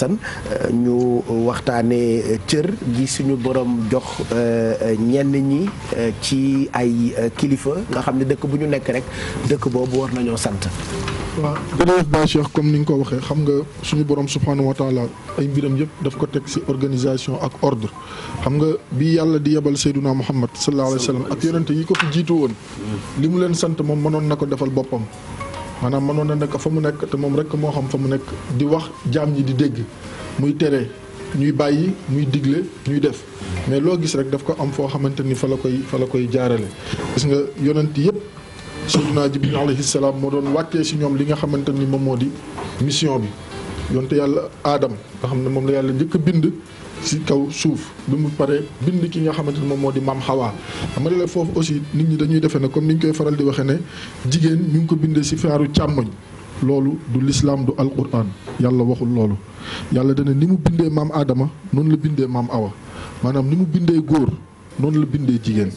san euh, ñu waxtaanee euh, cër gi suñu borom jox euh, ñenn ñi ci ay kilifa nga xam ne dëkk bu ñu nekk rek dëkk boobu war nañoo sant. waaw jërëjëf Ba Cheikh comme ni ñu ko waxee xam nga suñu borom subhanahu wa taala ay mbiram yëpp daf ko teg ci organisation ak ordre xam nga bi yàlla di yebal Seyduna Muhammad sallallahu alayhi wa sallam ak yonente yi ko fi jiitu woon. li mu leen sant moom mënoon na ko defal boppam. maanaam mënoon na nekk fa mu nekk te moom rek moo xam fa mu nekk di wax jaam yi di dégg muy tere ñuy bàyyi muy digle ñuy def mais loo gis rek daf ko am foo xamante ni fa la koy fa la koy jaarale gis nga yonent yëpp sayyidina Jibril alayhi salaam moo doon wàccee si ñoom li nga xamante ni moom moo di mission bi yonte yàlla aadam nga xam ne moom la yàlla njëkk a bind si kaw suuf bi mu paree bind ki nga xamante ne moom moo di maam Xawaa ma ne la foofu aussi nit ñi dañuy defee ne comme ni ñu koy faral di waxee ne jigéen ñu ngi ko bindee si faaru càmmoñ loolu du lislaam du alquran yàlla waxul loolu yàlla dana ni mu bindee maam aadama noonu la bindee maam Awa maanaam ni mu bindee góor noonu la bindee jigéen.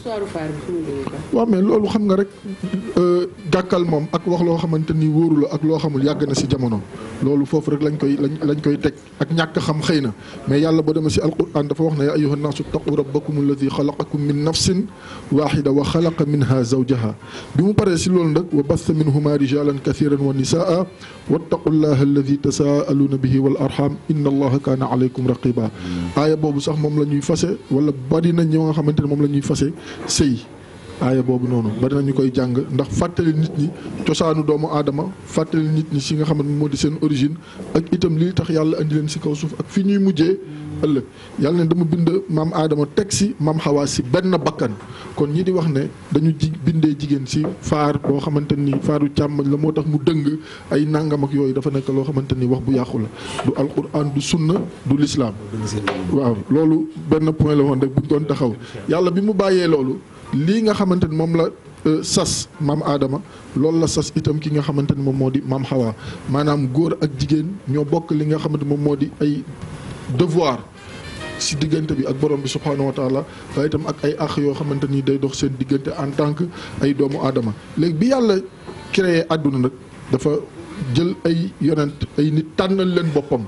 waaw mais loolu xam nga rek euh, gàkkal moom ak wax loo xamante ni wóoru ak loo xamul yàgg na si jamono. loolu foofu rek lañ koy lañ lañ koy teg ak ñàkk xam xëy na mais yàlla boo demee si alquran dafa wax ne yaa ayuha naasu taqu rabbakum alladi xalaqakum min nafsin waaxida wa xalaqa minha zawjaha bi mu paree si loolu nag wa basta minhuma rijalan kathiran wa nisaa wattaqu llaha alladi tasaaluuna bihi wal arham inna allaha kaana alaykum raqiba hmm. aaya boobu sax moom la ñuy fase wala bari na ñoo nga xamante ne moom la ñuy fase sëy aaya boobu noonu bari na ñu koy jàng ndax fàttali nit ñi cosaanu doomu aadama fàttali nit ñi si nga xam ne moo di seen origin ak itam lii tax yàlla indi leen si kaw suuf ak fi ñuy mujjee ëllëg yàlla ne dama bind maam aadama teg si maam xawaa si benn bakkan kon ñi di wax ne dañu ji bindee jigéen si faar boo xamante ni faaru càmmoñ la moo tax mu dëng ay nàngam yooyu dafa nekk loo xamante ni wax bu yàqu la du alquran du sunna du lislaam waaw loolu benn point la woon rek buñ doon taxaw yàlla bi mu bàyyee loolu lii nga xamante ni moom la euh, sas maam aadama loolu la sas itam ki nga xamante ni moom moo di maam Hawa maanaam góor ak jigéen ñoo bokk li nga xamante moom moo di ay devoir si diggante bi ak borom bi subhaanahu wa taala waaye itam ak ay àq yoo xamante ni day dox seen diggante en tant que ay doomu aadama léegi bi yàlla créé àdduna nag dafa jël ay yonent ay nit tànnal leen boppam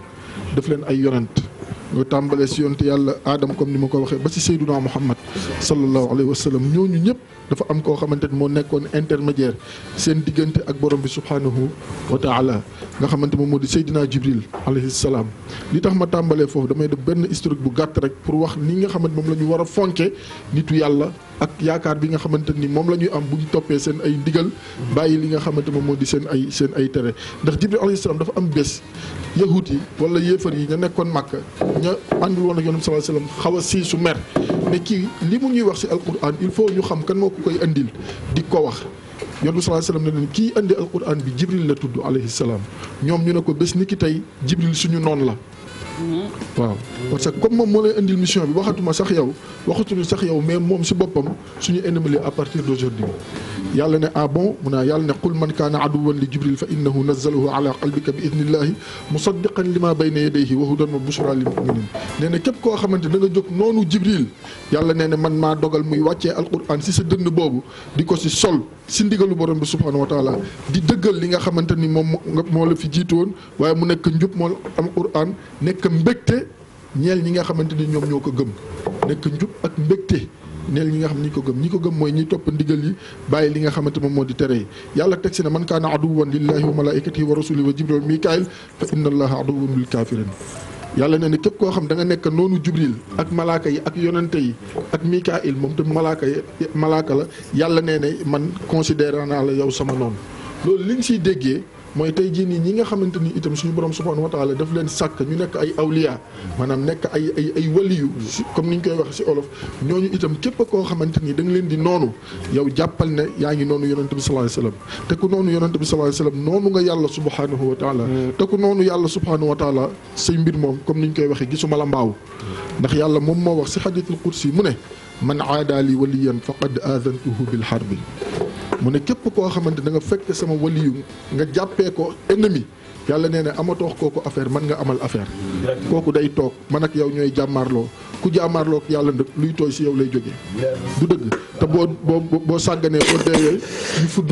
def leen ay yonent ñu tàmbalee si yonte yàlla aadama comme ni ma ko waxee ba si Seydunaa Muhammad sallallahu alayhi wa sallam ñooñu ñëpp dafa am koo xamante ni moo nekkoon intermédiaire seen diggante ak borom bi subhanahu wa taala nga xamante moom moo di Seydinaa Jibril alayhi salaam li tax ma tàmbalee foofu damay def benn historique bu gàtt rek pour wax ni nga xamante moom la ñu war a fonke nitu yàlla ak yaakaar bi nga xamante ni moom la ñuy am bu toppee seen ay ndigal bàyyi li nga xamante moom moo di seen ay seen ay tere ndax jibril alayhi dafa am bés yahuut yi wala yéefar yi ña nekkoon màkka ña àndul woon ak yonent sallallahu alayhi wasallam xaw a sii su mer ne kii li mu ñuy wax ci alquran il faut ñu xam kan moo ko koy andil di ko wax yonent sallallahu alayhi wasallam ne leen kii andi alquran bi jibril la tudd alayhi salaam ñoom ñu ne ko bés nit ki tey jibril suñu noon la Mm-hmm. waaw parce que comme moom moo lay indil mission bi waxatuma sax yow waxatuñu sax yow mais moom si boppam suñu ennemi la à partir d'aujourd'hui yàlla ne ah bon mu naa yàlla ne qul man kaana aduwan li jibril fa innahu nazalahu ala qalbika bi idnillahi musaddiqan li wa hudan wa bushra lil muminin nee na képp koo xamante da nga jóg noonu jibril yàlla nee na man maa dogal muy wàccee alquran si sa dënn boobu di ko si sol si ndigalu borom bi subhanahu wa di dëggal li nga xamante ni moom moo la fi jiitoon waaye mu nekk njub moo alquran nekk nekk mbégte ñeel ñi nga xamante ni ñoom ñoo ko gëm nekk njub ak mbégte neel ñi nga xam ni ko gëm ñi ko gëm mooy ñi topp ndigal yi bàyyi li nga xamante moom moo di tere yi yàlla teg si ne man kaana aduwan lillahi wa malaikatihi wa rasuli wa jibril wa fa inna allaha aduwun lil kafirin yàlla ne ne képp koo xam da nga nekk noonu jibril ak malaaka yi ak yonante yi ak mikail moom te malaaka yi malaaka la yàlla nee ne man considéré naa la yow sama noonu mooy tey jii nii ñi nga xamante ni itam suñu borom subhanahu wa taala daf leen sàkk ñu nekk ay awliya maanaam nekk ay ay ay waliyu comme ni ñu koy wax si olof ñooñu itam képp koo xamante ni da leen di noonu yow jàppal ne yaa ngi noonu yonent bi sallallahu alayhi wasallam te ku noonu yonent bi sallallahu alayhi wasallam noonu nga yàlla subhanahu wa taala te ku noonu yàlla subhanahu wa taala mbir moom comme ni ñu koy waxee gisuma la mbaaw ndax yàlla moom moo wax si xaditul qudsi mu ne man aadaali waliyan faqad aadantuhu bil harbi mu ne képp koo xamante da nga fekk sama waliyu nga jàppee ko ennemi yàlla nee na amatoo kooku affaire man nga amal affaire kooku day toog man ak yow ñooy jàmmaarloo ku jàmmaarloo ak yàlla nag luy tooy si yow lay jógee du dëgg te boo boo boo sàgganee boo deewee ñu fudd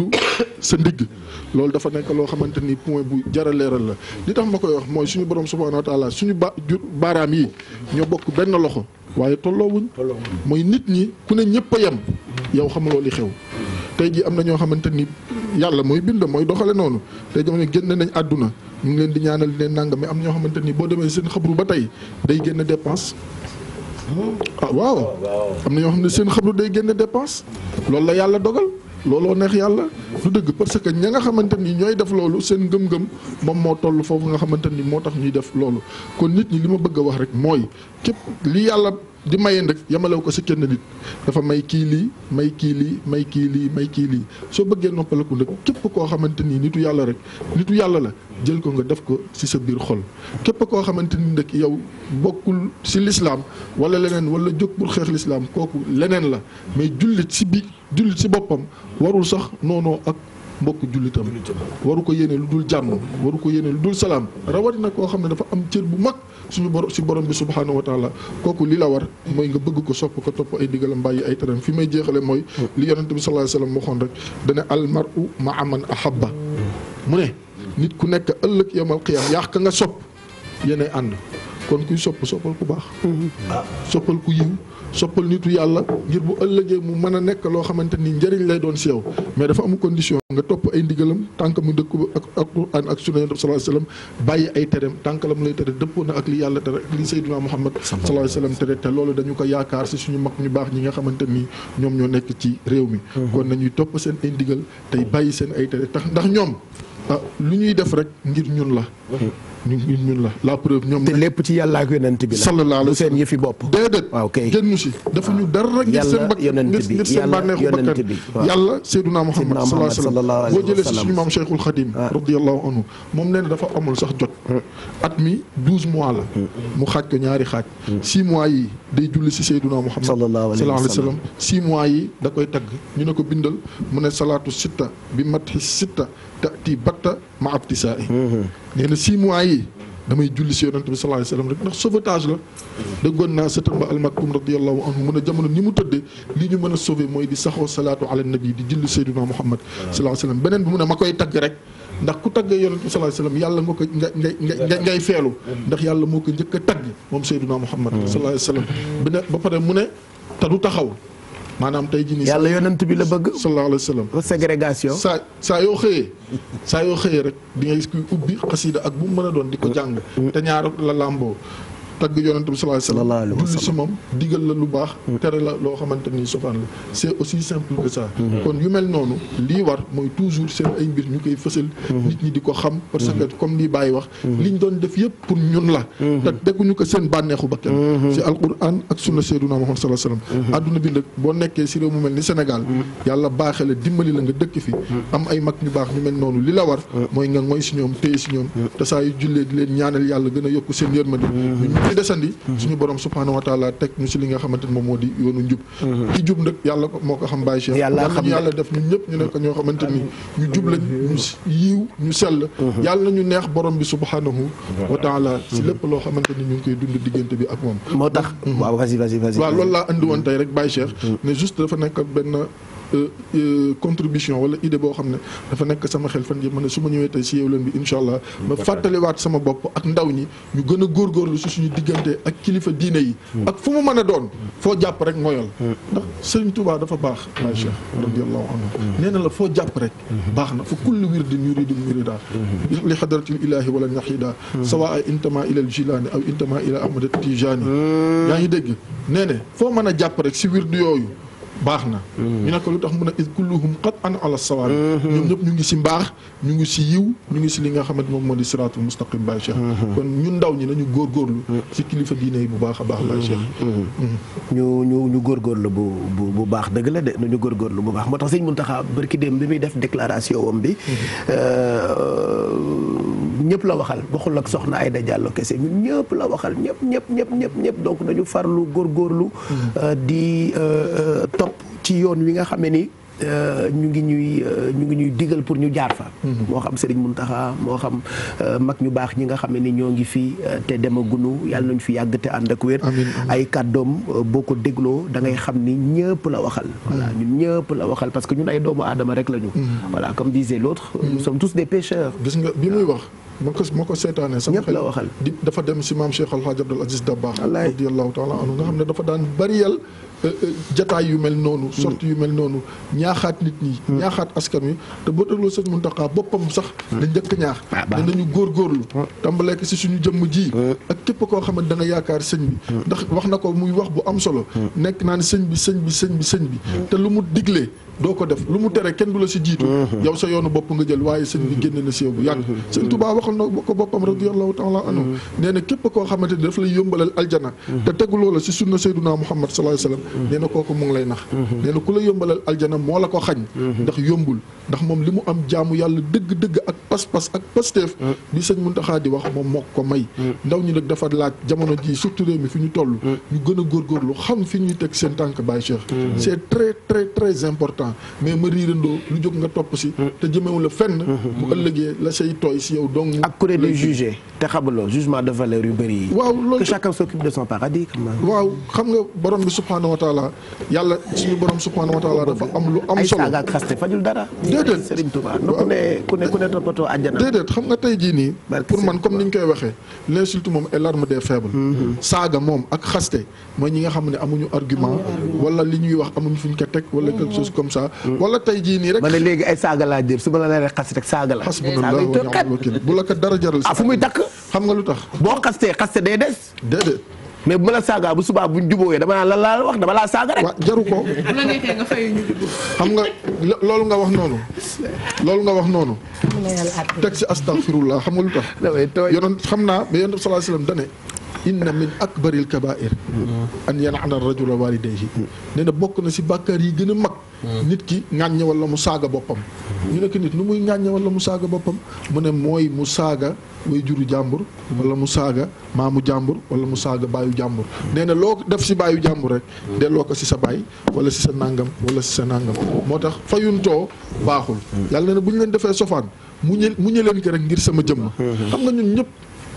sa ndigg loolu dafa nekk loo xamante ni point bu jara leeral la li tax ma koy wax mooy suñu borom subhanahu wa taala suñu ba jur baaraam yi ñoo bokk benn loxo waaye tolloowuñ mooy nit ñi ku ne ñëpp yem mm-hmm. yow xamuloo li xew tey ji am na ñoo xamante ni yàlla mooy bind mooy doxale noonu tey jamono génn nañ àdduna ñu ngi leen di ñaanal leen nangam mais am ñoo xamante ni boo demee seen xabru ba tey day génn dépense. ah waaw am na ñoo xam ne seen xabru day génn dépense loolu la yàlla dogal looloo neex yàlla lu dëgg parce que ña nga xamante ni ñooy def loolu seen ngëm-ngëm moom moo toll foofu nga xamante ni moo tax ñuy def loolu kon nit ñi li ma bëgg a wax rek mooy képp li yàlla. di maye nag yemalew ko si kenn nit dafa may kii lii may kii lii may kii lii may kii lii soo bëggee noppaleku nag képp koo xamante ni nitu yàlla rek nitu yàlla la jël ko nga def ko si sa biir xol képp koo xamante ni nag yow bokkul si lislaam wala leneen wala jóg pour xeex lislaam kooku leneen la mais jullit si bi jullit si boppam warul sax noonoo ak mbokk jullitam waru ko yéene lu dul jàmm waru ko yéene lu dul salaam rawatina koo xam ne dafa am cër bu mag suñu borom si borom bi subhaanahu wa taala kooku lii la war mooy nga bëgg ko sopp ko topp ay digalam bàyyi ay teram fi may jeexale mooy li yonent bi sallallahu alayhi wasallam waxoon rek dana al mar'u ma'a man ahabba mu ne nit ku nekk ëllëg yawmal qiyaam yaax ka nga sopp yéenay ànd kon kuy sopp soppal ku baax. Mhm. ah soppal ku yiw soppal nitu yàlla ngir bu ëllëgee mu mën a nekk loo xamante ni njëriñ lay doon si yow mais dafa am condition nga topp ay ndigalam tànk mu dëkk ak ak Alxuraan ak sunna bàyyi ay tereem tànk la mu lay tere dëppoo na ak li yàlla tere ak li Seydina Muhammad sallallahu alayhi wasallam tere te loolu dañu ko yaakaar si suñu mag ñu baax ñi nga xamante ni ñoom ñoo nekk ci réew mi. Mhm. kon nañuy topp seen ay ndigal tey bàyyi seen ay tere tax ndax ñoom ah lu ñuy def rek ngir ñun la. Mhm. ñun ñun la ñoom. te lépp ci yàlla ak yonent bi la. sallallahu alayhi wa sallam seen yëfi bopp. déedéet waaw ah, kay génn si. dafa ñu dara ngir seen bakk bakkan yàlla Seydina Muhammad sallallahu alayhi wa sallam boo jëlee si suñu ah. moom nee dafa amul sax jot hmm. at mi douze mois la hmm. mu xaaj ko ñaari xaaj hmm. si mois yi day julli si Seydina Muhammad sallallahu alayhi wa sallam six mois yi da koy tagg ñu ne ko bindal mu ne salaatu sitta bi matxi sitta tati batta ma abtisaa i mhm. nee na six mois yi damay julli si yonent bi sallallahu alayhi wa sallam rek ndax sauvetage la déggoon naa sëtam ba almaktum anhu mu ne jamono ni mu tëddee li ñu mën a sauver mooy di saxoo salaatu ala nabi di julli Seydina Muhammad beneen bi mu ne ma koy tagg rek ndax ku tagg yonent bi sallallahu alayhi yàlla nga ko nga ngay ngay feelu ndax yàlla moo ko njëkk a tagg moom Seydina Muhammad mm. sallallahu alayhi wasallam bi ne ba pare mu ne te du taxaw maanaam tey jii yàlla yonent bi la bëgg sallallahu alayhi wasallam ségrégation saa saa yoo xëyee saa yoo xëyee rek di nga kuy ubbi xasida ak bu mu mën a doon di ko jàng mm. te ñaar la làmboo tagg yonent bi sallallahu alayhi wa sallam julli si la lu baax mm. tere la loo xamante ni sofaan la c'est aussi simple que ça mm-hmm. kon yu mel noonu lii war mooy toujours seen ay mbir ñu koy fësal mm-hmm. nit ñi di ko xam parce que mm-hmm. comme li Baye wax liñ doon def yëpp pour ñun la te dégguñu ko seen bànneexu bakkan si ak sunna seyduna Muhammad sallallahu alayhi wa bi nag boo nekkee si réew mu mel ni Sénégal yàlla baaxe la dimbali la nga dëkk fi ay mag ñu baax ñu mel noonu li la war mooy nga ngoy si ñoom téye si ñoom te saa jullee di leen ñaanal yàlla gën a yokk seen yërmande li desandi suñu borom subhaanahu wa taala teg ñu si li nga xamante ne moom moo di yoonu njub ci mhm. jub nag yàlla moo ko xam bàyyi cheikh yàlla ñu yàlla def ñun ñëpp ñu nekk ñoo xamante ni ñu jub lañ ñu yiw ñu sell mhm. yàlla nañu neex borom bi subhaanahu wa si lépp loo xamante ni ñu ngi koy dund diggante bi ak moom moo tax mhm. waaw vas-y vas loolu laa andi woon tey rek bàyyi cheikh ne juste dafa nekk benn Euh, euh, contribution wala idée boo xam ne dafa nekk sama xel fan yi ma ne su ma ñëwee tey si Yeewu Leen bi incha allah mm, ma fàttaliwaat sama bopp ak ndaw ñi ñu gën a góorgóorlu si suñu diggante ak kilifa diine yi mm. ak fu mu mën a doon foo jàpp rek ngoyal mm. ndax Sëriñ Tuubaa dafa baax maay cheikh radiallahu anhu nee na la foo jàpp rek baax na fa kullu wirdin ñu murida li xadratil ilahi wala naxida sawaa intama ila al jilani aw intama ila ahmad tijani yaa ngi dégg nee foo mën a jàpp rek si wirdu yooyu baax na. Mm-hmm. ñu ne lu tax mun a is kulluhum qad an ala sawaab. Mm-hmm. ñoom ñu ngi si mbaax ñu ngi si yiw ñu ngi si li nga xamante moom moo di siraatul mustaqim Baye Cheikh. Mm-hmm. kon ñun ndaw ñi nañu góorgóorlu. si kilifa diine yi bu baax a baax Baye Cheikh. ñu ñu góor góorgóorlu bu bu bu baax dëgg la de ñu góorgóorlu bu baax moo tax sëñ Mountakha barki démb bi muy def déclaration wam bi. Euh, ñun la waxal waxul ak soxna Aïda Diallo kese ñun ñëpp la waxal ñëpp ñëpp ñëpp ñëpp ñëpp donc nañu farlu góorgóorlu mm-hmm. euh, di euh, euh, topp ci yoon wi nga xamee ni ñu ngi ñuy ñu ngi ñuy digal pour ñu jaar fa. Mm-hmm. moo xam mun Mountakha moo xam mag ñu baax ñi nga xam ni ñoo ngi fi te dem demagunu yàlla nañu fi yàgg te ànd ak wér. ay kàddoom boo ko dégloo da xam ni ñëpp la waxal. voilà mm-hmm. ñun la waxal parce que ñun ay doomu aadama rek lañu. voilà comme disait l'autre nous tous des pêcheurs. gis nga bi muy wax. ma ko ma ko seetaanee. sama xel dafa dem si maam Cheikh Al Hadj Abdoul Aziz Dabakh. radiyallahu taala anhu nga xam ne dafa daan bariyal Euh, euh, jataay yu mel noonu hmm. sorti yu mel noonu ñaaxaat nit ñi hmm. ñaaxaat askan wi te boo dégloo sëñ Mountakha boppam sax hmm. dañ njëkk ñaax ah, ne nañu góorgóorlu tàmbalee ko si suñu jëmm ji ak képp koo xamante da yaakaar sëñ bi ndax wax na ko muy wax bu am solo nekk naa ne sëñ bi sëñ bi sëñ bi sëñ bi te lu mu diglee doo ko def lu mu tere kenn du la si jiitu yow sa yoonu bopp nga jël waaye sëñ bi génn na si yow bu yàgg sëñ Tuubaa waxal na ko boppam radiyallaahu taala anhu nee na képp a xamante ni daf lay yombalal aljana te tegu loola si sunna Seydunaa nee na kooku mu ngi lay nax mhm. nee na ku la yombalal aljana moo la ko xañ mhm. ndax yombul ndax moom li mu am jaamu yàlla dëgg-dëgg ak pas-pas ak pasteef bi mhm. sëñ Muntaxa di wax moom moo ko may ndaw ñi nag dafa laaj jamono ji surtout réew mi fi ñu toll ñu gën a góorgóorlu xam fi ñuy teg seen tànk Baye Cheikh c'est très très très important mais ma riirandoo lu jóg nga topp si te jëmewu la fenn bu ëllëgee la say tooy si yow donc ak kuréel di jugé te xamuloo jugement de valeur yu de son paradis waaw xam nga borom bi subhaanahu wa taala taala yàlla suñu borom subhaanahu wa taala dafa am lu am solo ay saaga ak xaste fajul dara. déedéet Serigne Touba ku ne ku ne ku ne toppatoo àjjana. déedéet xam nga tey jii pour man comme ni ñu koy waxee l'insulte moom est l'arme des mhm. saaga moom ak xaste mooy ñi nga xam ne amuñu argument. wala li ñuy wax amuñu fuñ ko teg wala quelque chose comme ça. Mhm. wala tey jii rek. su ma la nee rek xaste rek saaga la. xasbunallahu wa ni'mal wakiil bu la ko dara jaral. ah fu muy takk xam nga lu tax. boo xaste xaste day des. mais bu ma la saagaa bu subaa buñ jubóoyee dama la lan laa wax dama laa saaga rek. waaw jaru ko. bu nga fay ñu loolu nga wax noonu. loolu nga wax noonu. teg ci astaghfirullah xam nga lu tax. damay tooy yoon xam naa mais yoon sallallahu alayhi wasallam dane indi inna min akbaril kabair an yal'ana rajula walidayhi nee na bokk na si bàkkaar yi gën a mag nit ki ŋàññe wala mu saaga boppam ñu ne ko nit nu muy ŋàññe wala mu saaga boppam mu ne mooy mu saaga way juru jàmbur wala mu saaga maamu jàmbur wala mu saaga baayu jàmbur nee na loo def si baayu jàmbur rek delloo ko si sa baay wala si sa nàngam wala si sa nàngam moo tax fayuntoo baaxul yàlla ne bu ñu leen defee sofaan mu ñë mu ñë leen rek ngir sama jëmm xam nga ñun ñëpp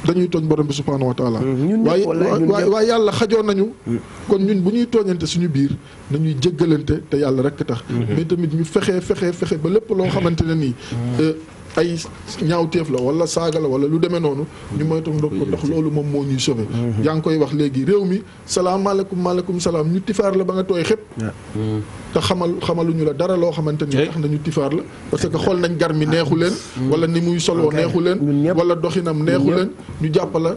dañuy tooñ borom bi subhaanahu wa taala mm, waaye waaye yàlla xajoon nañu mm. kon ñun bu ñuy tooñante suñu biir nañuy jéggalante te yàlla rekk tax mm-hmm. mais tamit ñu fexe fexe fexe ba lépp loo xamante ne nii mm-hmm. euh, ay ñaawteef la wala saaga la wala lu demee noonu ñu moytandoog ko ndax loolu moom moo ñuy sauvé mhm. yaa ngi koy wax léegi réew mi salaamaaleykum maaleykum salaam ñu tifaar la ba nga tooy xëpp mm. te xamal xamaluñu la dara loo xamante ni tax nañu tifaar la parce que xool nañ gar mi ah. neexu leen mm. wala ni muy solo ah, neexu leen wala doxinam neexu leen ñu jàpp la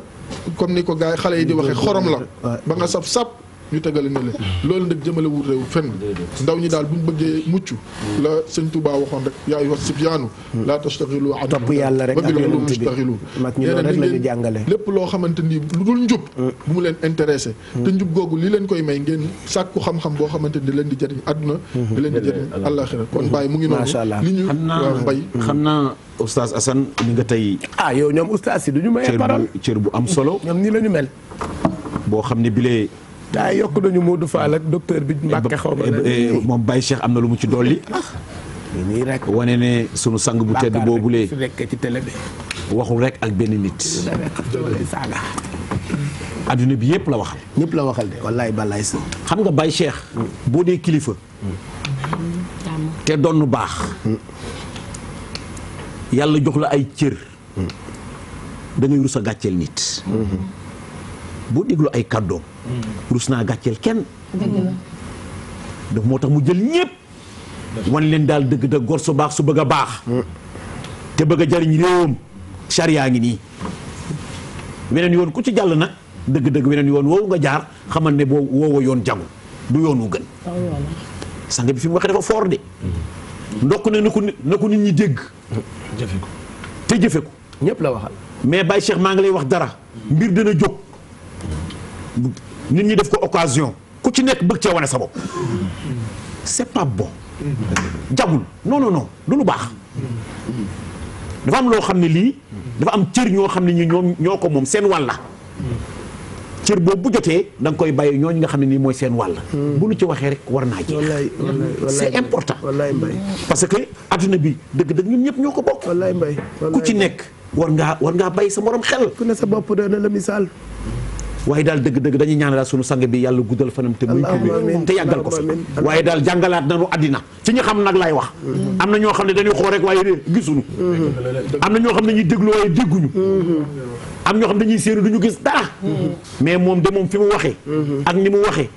comme ni ko gars yi xale yi di waxee xorom la ah. ba nga saf sap ñu tegale na leen loolu nag jëmale wut réew fenn ndaw ñi daal bu ñu bëggee mucc la sëñ Touba waxoon rek yaa yu wax sibyaanu laa tastaxilu an topp yàlla rek ak yonent bi mag ñu loolu rek la ñu jàngale lépp loo xamante ni lu mu leen intéressé mm. te njub li leen koy may ngeen sàkku xam boo xamante ni leen di jëriñ àdduna di leen di jëriñ àllaaxira kon bàyyi mu ngi noonu li ñu mbay mm. xam naa oustaz Assane ni nga tey ah yow ñoom oustaz si du ñu may parole cër bu am solo ñoom nii la ñu mel boo xam ne bilee gaa yokk dañu Modou Fall ak bi Mbacke xaw ma eh, moom Baye Cheikh am na lu mu ci dolli. Ah, nii rek wane ne sunu sang bu tedd boobulee waxul rek ak benn nit. àdduna bi yëpp la waxal. ñëpp la waxal de wallaay balaay sax. xam nga Baye Cheikh. boo dee kilifa. te doon baax. yàlla jox la ay cër. da rus a gàcceel nit. Mm-hmm. boo déglu ay kàddoom. Mm. rus naa gàcceel kenn. daf moo tax mu jël ñépp wan leen daal dëgg da gor su baax su bëgg a baax. te bëgg a jariñ réewam yaa ngi nii. weneen yoon ku ci jàll nag dëgg-dëgg weneen yoon woowu nga jaar xamal ne boo woowa yoon jagu du yoonu gën. sang bi fi mu waxee dafa foor de. Mm-hmm. ndokk ne na ko na ko nit ñi dégg. jëfe ko te jëfe ko. ñëpp la waxal. mais Baye Cheikh maa ngi lay wax dara. mbir dana jóg. nit ñi def ko occasion ku ci nekk bëgg cee wane sa bopp c'est pas bon jagul non non non lu baax dafa am loo xam ne lii dafa am cër ñoo xam ne ñi ñoom ñoo ko moom seen wàll la cër boobu bu jotee da nga koy bàyyi ñooñu nga xam ne nii mooy seen wàll bu nu ci waxee rek war naa ji c'est important parce que adduna bi dëgg dëgg ñëpp ñoo ko bokk ku ci nekk war ngaa war ngaa bàyyi sa morom xel ku ne sa bopp doy na la misaal waaye daal dëgg-dëgg dañuy ñaan daal sunu sang bi yàlla guddal fanam te muy ko te yàggal ko fi waaye daal jàngalaat nañu àddina ci ñu xam nag laay wax mm-hmm. am na ñoo xam ne dañuy xool rek waaye gisuñu mm-hmm. am na ñoo xam ne ñuy déglu waaye dégguñu mm-hmm. am ñoo xam dañuy séenu du gis dara. mais moom de moom fi mu waxee. ak ni mu waxee.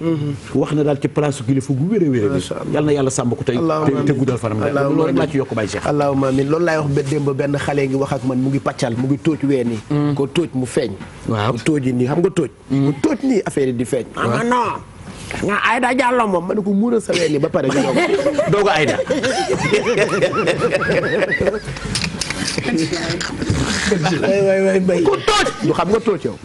wax na daal ci place su kilifa gu wér a wér. macha na yàlla sàmm ko tey. te guddal fanam daal loolu rek laa ci yokk loolu laay wax ba benn xale ngi wax ak man mu ngi pàccal mu ngi tóoj ween mm. ko tóoj mu feeñ. waaw mu tóoji nii xam nga tóoj. Mm. mu tóoj nii affaire yi di feeñ. ah non. nga Aida moom ma ne ko muur a sawee nii ba pare. dooga Aida. waay waay waay mbay ku tooj du xam nga tooj yow.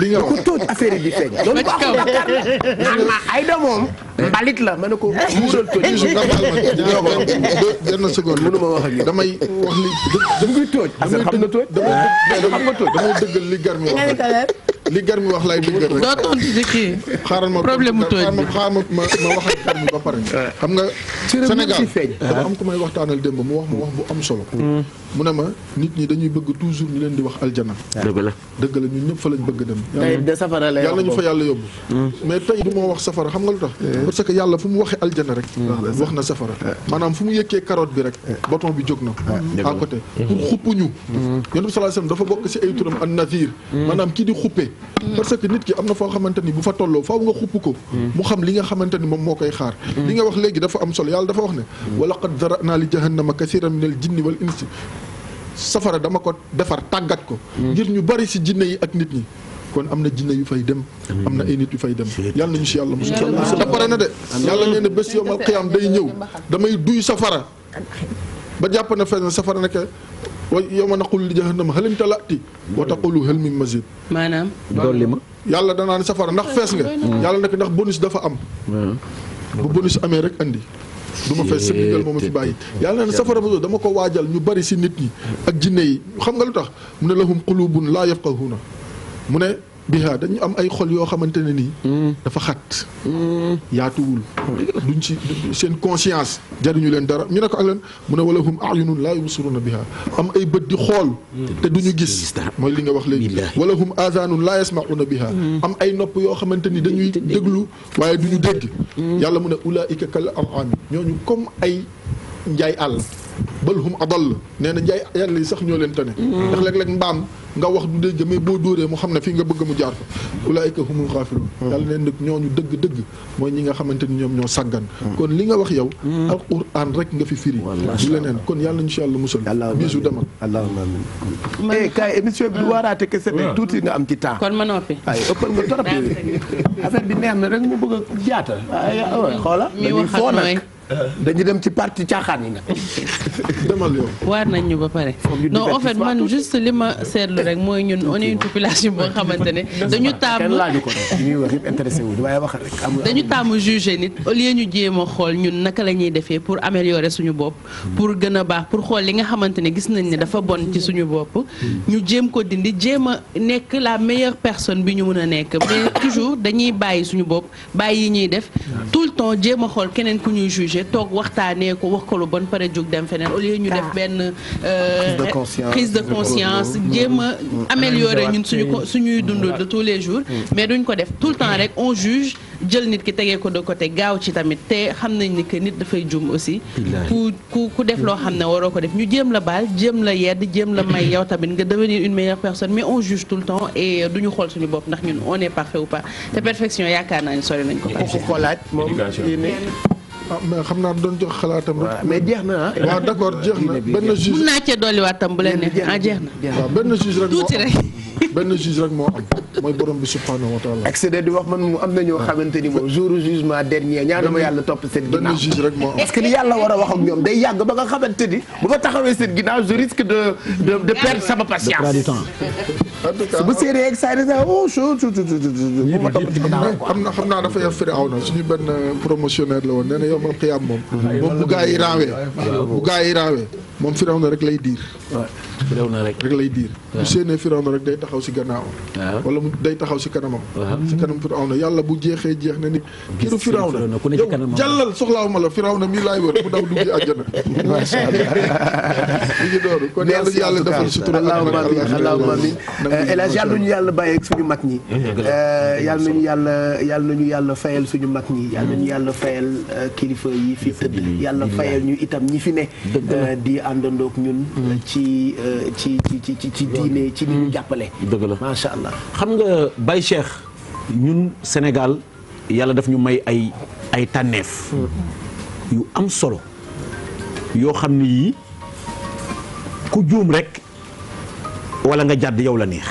li nga ko tooj affaire yi di feeñ. loolu baaxul Dakar la naan ma Aïda moom. mbalit la ma ne ko muural tooj. benn seconde mënuma wax ak damay wax li. dë dë dëgg tooj. xam nga tooj damay dëggal li gar mi wax li gar mi wax lay dëggal rek. doo tontu xaaral ma problème mu wax ak gar mi ba pare. xam nga Sénégal dama am ku may waxtaanal démb mu wax mu wax bu am solo. Mm. mu ne ma nit ñi dañuy bëgg toujours ñu leen di wax aljana. dëgg la dëgg la ñun ñëpp fa lañ bëgg dem. tey de safara lay yàlla ñu fa yàlla yóbbu. Mm. safara xam nga lu tax. Eh. que yàlla fu mu waxee aljana rek. Mm. wax na safara eh. maanaam fu mu yëkkee carotte bi rek eh. bâton bi jóg na. à côté pour xuppuñu. yonent bi sallallahu alayhi wasallam dafa bokk ci ay turam an-nadhir maanaam ki di xuppe Mm. parce que nit ki am na foo xamante ni bu fa tolloo faaw nga xupp ko mm. mu xam li nga xamante ni moom moo koy xaar mm. li nga wax léegi dafa am solo yàlla dafa wax ne wa laqad zara'naa li jahannama kasiiran min al jinni wal insi safara dama ko defar tàggat ko ngir ñu bari ci jinne yi ak nit ñi kon am na jinne yu fay dem am na ay yu fay dem yàlla nañu ci yàlla mosu te pare na de yàlla nee na bés yawmal qiyaam day ñëw damay duy safara ba jàpp na fenn safara nekk wa yawma naqulu li jahannama hal imtala'ti wa taqulu hal min mazid maanaam dolli ma yàlla danaan safara ndax fees nga yàlla nag ndax bonus dafa am bu bonus amee rek andi du ma fees sa ndigal moom a fi bàyyi yàlla na safara ba dama ko waajal ñu bari si nit ñi ak jinne yi xam nga lu tax mu ne la lahum qulubun laa yafqahuna mu ne biha dañu am ay xol yoo xamante ne nii. Hmm. dafa xat. Hmm. yaatuwul. duñ ci seen conscience. jariñu leen dara ñu ne ko ak lan mu ne wala hum ayunun laa yubsiruna biha am ay bët di xool. te du duñu hmm. gis mooy li nga wax léegi. wala hum azaanun laa yasmauna biha am ay nopp yoo xamante ni dañuy déglu waaye du ñu dégg. yàlla mu ne ulaika kal am ami ñooñu comme ay njaay àll. bal hum adall nee na yàlla yi sax ñoo leen tane ndax léeg-léeg mbaam nga wax du dégg mais boo dóoree mu xam ne fii nga bëgg mu jaar fa ulaayika humul xaafiluun hmm. yàlla neen nag ñooñu dëgg dëgg mooy ñi nga xamante ni ñoom ñoo sàggan hmm. kon li nga wax yow hmm. al quran rek nga fi firi du leneen kon yàlla insha allah musal bisu demal allahumma amin eh, kay émission bi du waaraate kese mais tuuti nga am ci temps kon ma noppi ay ëppal nga torop affaire bi neex na rek mu bëgg a jaatal ay xoola dañuy dañu dem ci parti caaxaan yi nag. demal yow. waar nañ ñu ba pare. non en man juste li ma seetlu rek mooy ñun on est une population boo xamante ne. dañu taamu kenn laaju ko li ñuy wax yëpp intéressé wu waaye wax rek amul dañu nit au lieu ñu jéem a xool ñun naka la ñuy defee pour améliorer suñu bopp. Hmm. pour gën a baax pour xool li nga xamante ne gis nañ ne dafa bon ci suñu bopp. ñu jéem ko dindi jéem a nekk la meilleure personne bi ñu mën a nekk mais toujours dañuy bàyyi suñu bopp bàyyi yi ñuy def hmm. tout le temps jéem xool keneen ku ñuy projet toog waxtaanee ko wax ko lu bon pare jóg dem feneen au lieu ñu def ah. benn. Euh, prise de conscience jéem a mm. Mm. améliorer ñun suñu ko suñuy dund de mm. tous les jours. mais duñ ko def tout le temps rek on juge jël nit ki tegee ko de côté gaaw ci tamit te xam nañ ni que nit dafay jum aussi. ku ku ku def loo xam ne waroo ko def ñu jéem la baal jéem la yedd jéem la may yow tamit nga devenir une meilleure personne mais on juge tout le temps et duñu xool suñu bopp ndax ñun on est parfait ou pas yaakaar naa ne nañ ko. ko ko laaj ah mais xam naa doon jox xalaatam rek. mais jeex na ah. waaw d'accord jeex na benn juge. mun naa cee dolliwaat tam bu leen ne ah jeex na. waaw benn juge rek tuuti rek. benn juge rek moo am mooy borom bi subhanahu wa taala. excédé di wax man moom am na ñoo xamante ni moom jour jugement dernier ñaan ma yàlla topp seen ginnaaw benn juge rek moo am. est-ce que li yàlla war a wax ak ñoom day yàgg ba nga xamante ni bu ma taxawee seen ginnaaw je risque de de de perdre sama patience. de perdre du temps. en tout cas bu séeree ak saa yi dafa oh soo soo soo soo ma topp ci ginnaaw quoi. am na xam naa dafa yor Firawna suñu benn promotionnaire la woon nee na yow man xiyaam moom. moom bu gaa yi raawee bu gaa yi raawee. moom Firawna rek lay diir. waaw Firawna rek. rek lay diir. bu séenee Firawna rek day taxaw si gannaawam. wala mu day taxaw si kanamam. si kanam Firawna yàlla bu jeexee jeex na ni. kiiru Firawna yow jàllal soxlaawuma la Firawna mii laay wër bu daw dugg àjjana. macha allah. li ñu doon kon yàlla yàlla defal sutura. allahumma amiin allahumma amiin El Hadj yàlla nañu yàlla bàyyeeg suñu mag ñi. yàlla nañu euh, yàlla yàlla nañu yàlla fayal suñu mag ñi. yàlla nañu yàlla fayal euh, kilifa yi fi tëdd. yàlla fayal ñu itam ñi fi ne euh, di àndandoog ñun. Hmm. Euh, ci ci ci ci ci diine ci li ñu hmm. jàppale. dëgg la macha allah. xam nga Baye Cheikh ñun senegal yàlla daf ñu may ay ay tànneef. Hmm. yu am solo yoo xam ne yii ku juum rek wala nga jàdd yow la neex.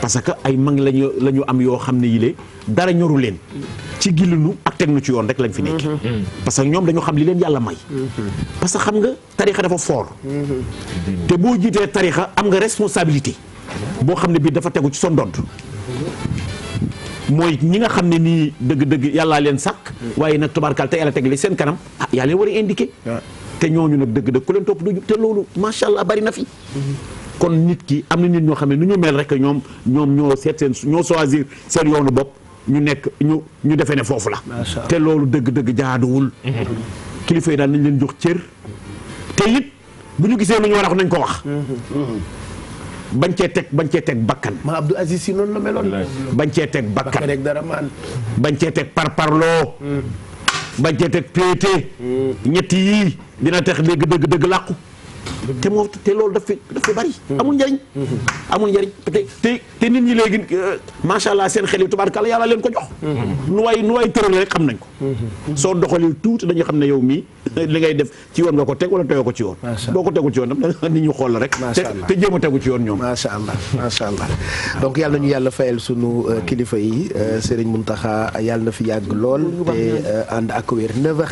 parce que ay mag lañu lañu am yoo xam ne yile dara ñoru leen. ci gillinu ak teg nu ci yoon rek lañ fi nekk mm-hmm. Mm-hmm. parce que ñoom dañu xam li leen yàlla may mm-hmm. parce que xam nga tarixa dafa foor te boo jiitee tarixa am nga responsabilité boo xam ne bii dafa tegu ci son dond mooy ñi nga xam ne nii dëgg-dëgg yàlla leen sàkk waaye nag tubaarkaal te yàlla teg li seen kanam ah yaa leen war a indiqué te ñooñu nag dëgg-dëgg ku leen topp du te loolu macha allah bari na fi kon nit ki am na nit ñoo xam ne nu ñu mel rek ñoom ñoom ñoo seet seen ñoo choisir seen yoonu bopp ñu nekk ñu ñu defee ne foofu la. te loolu dëgg-dëgg jaaduwul. kilifa yi daal nañ leen jóg cër. te it bu ñu gisee lu ñu war a wax nañ ko wax. bañ cee teg bañ cee teg bakkan. ma Abdou Aziz si noonu la meloon. bañ cee teg bakkan bakkan rek dara maan. bañ cee teg parparloo. Mm. bañ cee teg péete. Mm. ñett yii dina tex dëgg dëgg dëgg làqu. te moo te loolu daf fi daf fi bari. amul njariñ. amul njariñ te te te nit ñi léegi euh, macha allah seen xel yi tubaarkàlla yàlla leen ko jox. nu waay nu waay tëral rek xam nañ ko. soo doxalee tuuti dañu xam ne yow mii li ngay def ci yoon nga ko teg wala teyoo ko ci yoon. boo ko tegu ci yoon nag nit ñi xool la rek. te jéem a tegu ci yoon ñoom. macha allah donc yàlla ñu yàlla fayal sunu euh, kilifa yi euh, mun tax yàlla na fi yàgg lool te ànd ak wér